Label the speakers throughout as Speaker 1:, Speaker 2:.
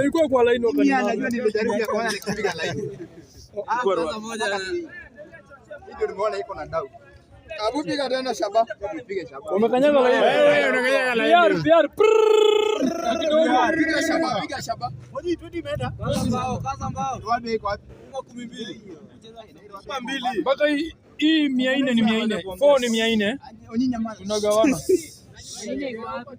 Speaker 1: Ilikuwa kwa laini
Speaker 2: Abupiga tena shaba.
Speaker 1: Umekanyaga wewe.
Speaker 2: Wewe unakanyaga
Speaker 1: laini. PR PR.
Speaker 2: Piga shaba, piga shaba. Hoji 20 meta. Kaza mbao, kaza mbao. Wapi iko wapi? Ngo 12. Kwa mbili.
Speaker 1: Mpaka hii hii 400 ni 400. 4 ni
Speaker 2: 400.
Speaker 1: Tunagawana. Nyinyi iko wapi?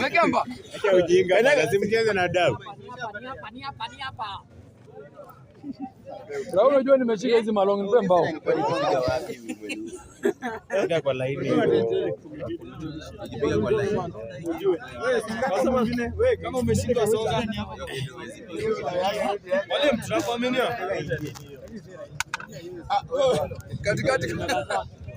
Speaker 2: Nakamba.
Speaker 3: ujinga, lazima na adabu.
Speaker 1: Sasa unajua nimeshika hizi malong nipe mbao. Ndio kwa laini.
Speaker 2: Ah, oh, katikati.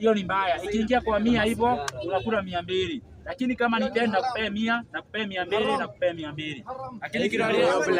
Speaker 2: hiyo ni mbaya. Ikiingia kwa mia hivyo unakula mia mbili lakini kama ni tena nakupea mia nakupea mia mbili nakupea mia mbili lakini kilalia